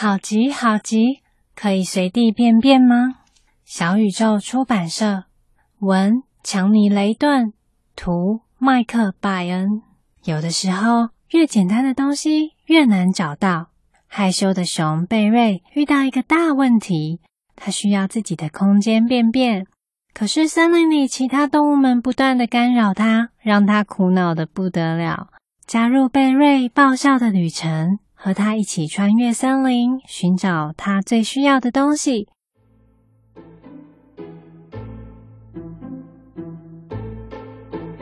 好急，好急！可以隨地便便嗎？小宇宙出版社，文強尼雷頓，圖麥克拜恩。有的時候，越簡單的東西越難找到。害羞的熊貝瑞遇到一個大問題，他需要自己的空間便便，可是森林裡其他動物們不斷地干擾他，讓他苦惱得不得了。加入貝瑞爆笑的旅程。和他一起穿越森林，尋找他最需要的東西。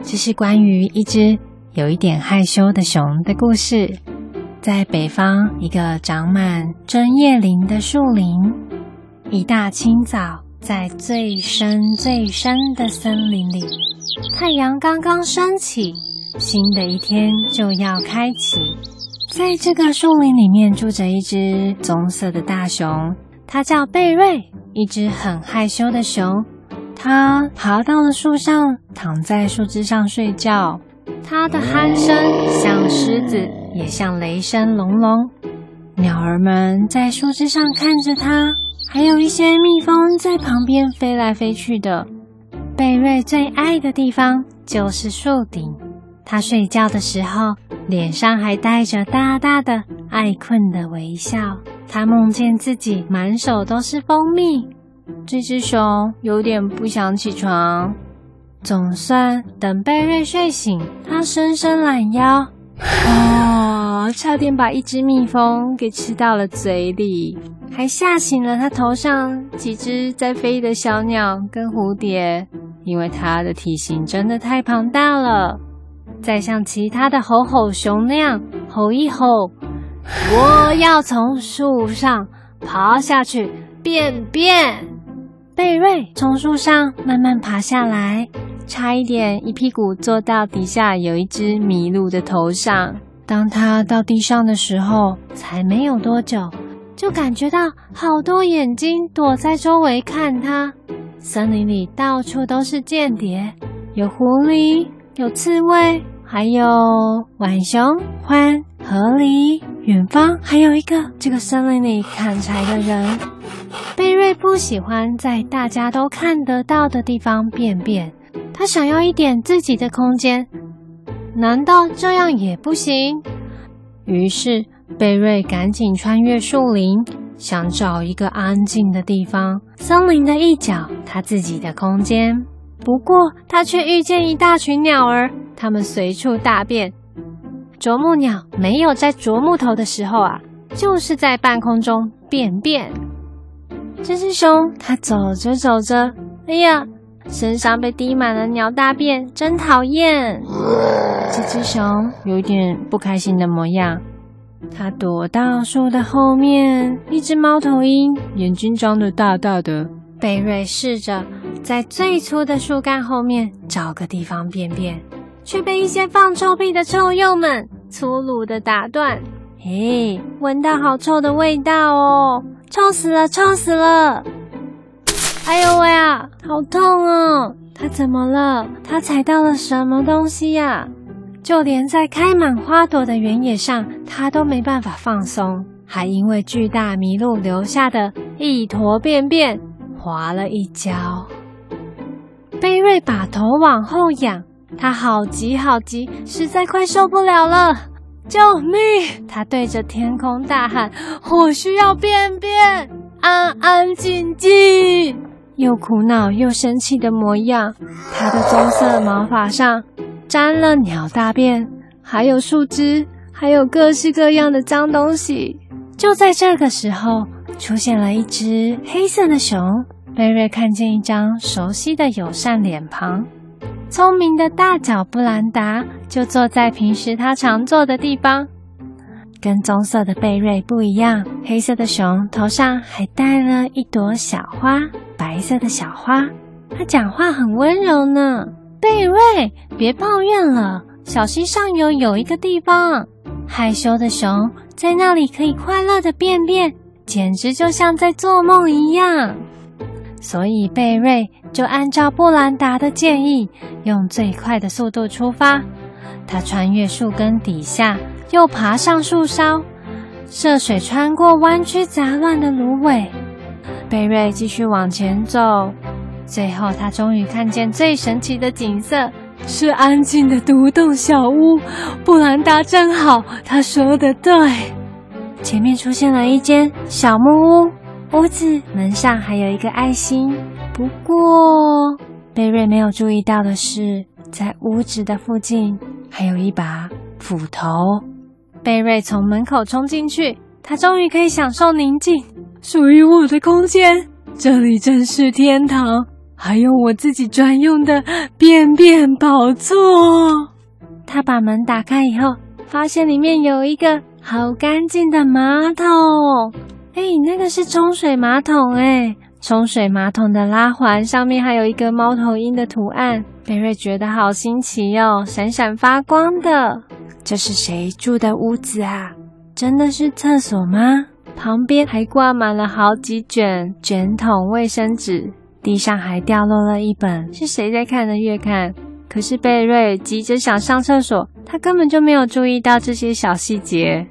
這是關於一隻有一點害羞的熊的故事。在北方一個長滿針葉林的樹林，一大清早，在最深最深的森林裡，太陽剛剛升起，新的一天就要開啟。在這個樹林裡面住着一只棕色的大熊，它叫貝瑞，一只很害羞的熊。它爬到了樹上，躺在樹枝上睡覺。它的鼾聲像獅子，也像雷聲隆隆。鳥兒們在樹枝上看着它，還有一些蜜蜂在旁邊飛來飛去的。貝瑞最愛的地方就是樹頂。他睡覺的時候，臉上還帶着大大的愛睏的微笑。他夢見自己滿手都是蜂蜜。這隻熊有點不想起床。總算等貝瑞睡醒，他伸伸懶腰，哦，啊，差點把一隻蜜蜂給吃到了嘴裡，還嚇醒了他頭上幾隻在飛的小鳥跟蝴蝶，因為他的體型真的太龐大了。再像其他的吼吼熊那樣吼一吼，我要從樹上爬下去便便。貝瑞從樹上慢慢爬下來，差一點一屁股坐到底下有一隻麋鹿的頭上。當他到地上的時候，才沒有多久，就感覺到好多眼睛躲在周圍看他。森林裡到處都是間諜，有狐狸。有刺蝟，還有浣熊、獾、河狸，遠方，還有一個這個森林裡砍柴的人。貝瑞不喜歡在大家都看得到的地方便便，他想要一點自己的空間。難道這樣也不行？於是貝瑞趕緊穿越樹林，想找一個安靜的地方，森林的一角，他自己的空間。不過，他卻遇見一大群鳥兒，它們隨處大便。啄木鳥沒有在啄木頭的時候啊，就是在半空中便便。這只熊，它走着走着，哎呀，身上被滴滿了鳥大便，真討厭！這只熊有點不開心的模樣，它躲到樹的後面。一只貓頭鷹眼睛睜得大大的，貝瑞試着。在最粗的樹幹後面找個地方便便，卻被一些放臭屁的臭鼬們粗魯地打斷。哎，聞到好臭的味道哦！臭死了，臭死了！哎呦喂啊，好痛哦！他怎麼了？他踩到了什麼東西啊？就連在開滿花朵的原野上，他都沒辦法放鬆，還因為巨大麋鹿留下的一坨便便滑了一跤。貝瑞把頭往後仰，他好急好急，實在快受不了了！救命！他對着天空大喊：“我需要便便，安安靜靜。”又苦惱又生氣的模樣，他的棕色的毛髮上沾了鳥大便，還有樹枝，還有各式各樣的髒東西。就在這個時候，出現了一隻黑色的熊。貝瑞看見一張熟悉的友善臉龐，聰明的大腳布蘭達就坐在平時他常坐的地方。跟棕色的貝瑞不一樣，黑色的熊頭上還戴了一朵小花，白色的小花。它講話很溫柔呢。貝瑞，別抱怨了。小溪上游有一個地方，害羞的熊在那裡可以快樂的便便，簡直就像在做夢一樣。所以，貝瑞就按照布蘭達的建議，用最快的速度出發。他穿越樹根底下，又爬上樹梢，涉水穿過彎曲雜亂的蘆葦。貝瑞繼續往前走，最後他終於看見最神奇的景色，是安靜的獨棟小屋。布蘭達真好，他說的對。前面出現了一間小木屋。屋子門上還有一個愛心，不過貝瑞沒有注意到的是，在屋子的附近還有一把斧頭。貝瑞從門口衝進去，他終於可以享受寧靜，屬於我的空間。這裡真是天堂，還有我自己專用的便便寶座。他把門打開以後，發現裡面有一個好乾淨的馬桶。哎、欸，那個是沖水馬桶哎，沖水馬桶的拉環上面還有一個貓頭鷹的圖案。貝瑞覺得好新奇喲、哦，閃閃發光的。這是誰住的屋子啊？真的是廁所嗎？旁邊還掛滿了好幾卷卷筒衛生紙，地上還掉落了一本是誰在看的月刊？可是貝瑞急着想上廁所，他根本就沒有注意到這些小細節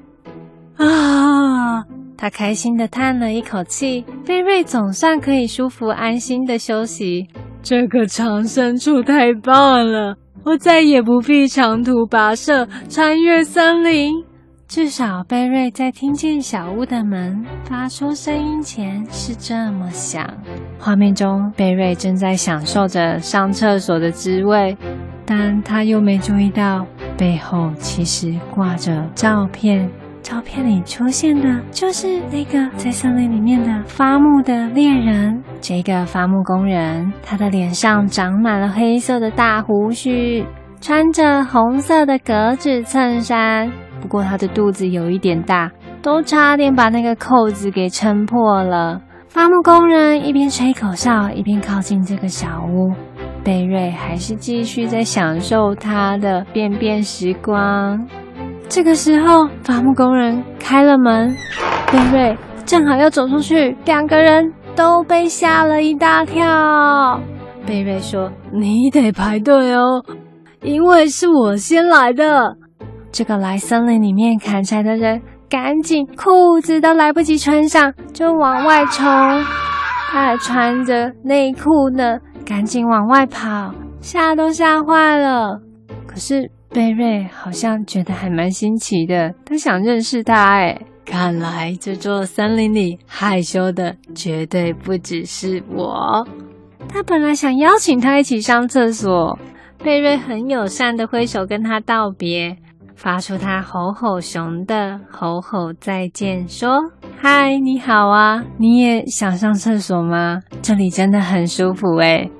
啊。他開心地嘆了一口氣，貝瑞總算可以舒服安心地休息。這個藏身處太棒了，我再也不必長途跋涉，穿越森林。至少貝瑞在聽見小屋的門發出聲音前是這麼想。畫面中，貝瑞正在享受着上廁所的滋味，但他又沒注意到背後其實掛着照片。照片裡出現的就是那個在森林裡面的伐木的獵人，這個伐木工人，他的臉上長滿了黑色的大鬍鬚，穿着紅色的格子襯衫。不過他的肚子有一點大，都差點把那個扣子給撐破了。伐木工人一邊吹口哨，一邊靠近這個小屋。貝瑞還是繼續在享受他的便便時光。這個時候，伐木工人開了門，貝瑞正好要走出去，兩個人都被嚇了一大跳。貝瑞說：“你得排隊哦，因為是我先來的。”這個來森林裡面砍柴的人，趕緊褲子都來不及穿上，就往外衝。他還穿着內褲呢，趕緊往外跑，嚇都嚇壞了。可是。貝瑞好像覺得還蠻新奇的，他想認識他，欸。哎，看來這座森林裡害羞的絕對不只是我。他本來想邀請他一起上廁所，貝瑞很友善的揮手跟他道別，發出他吼吼熊的吼吼再見，說：“嗨，你好啊，你也想上廁所嗎？這裡真的很舒服，欸。”哎，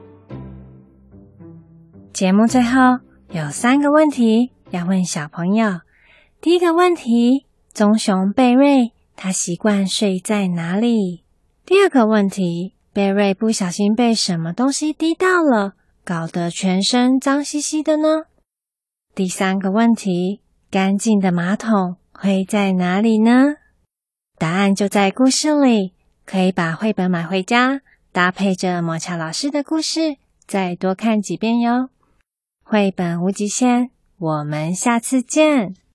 節目最後。有三個問題要問小朋友。第一個問題：棕熊貝瑞他習慣睡在哪裡？第二個問題：貝瑞不小心被什麼東西滴到了，搞得全身髒兮兮的呢？第三個問題：乾淨的馬桶會在哪裡呢？答案就在故事裡。可以把繪本買回家，搭配着抹茶老師的故事，再多看幾遍喲。繪本無極限，我們下次見。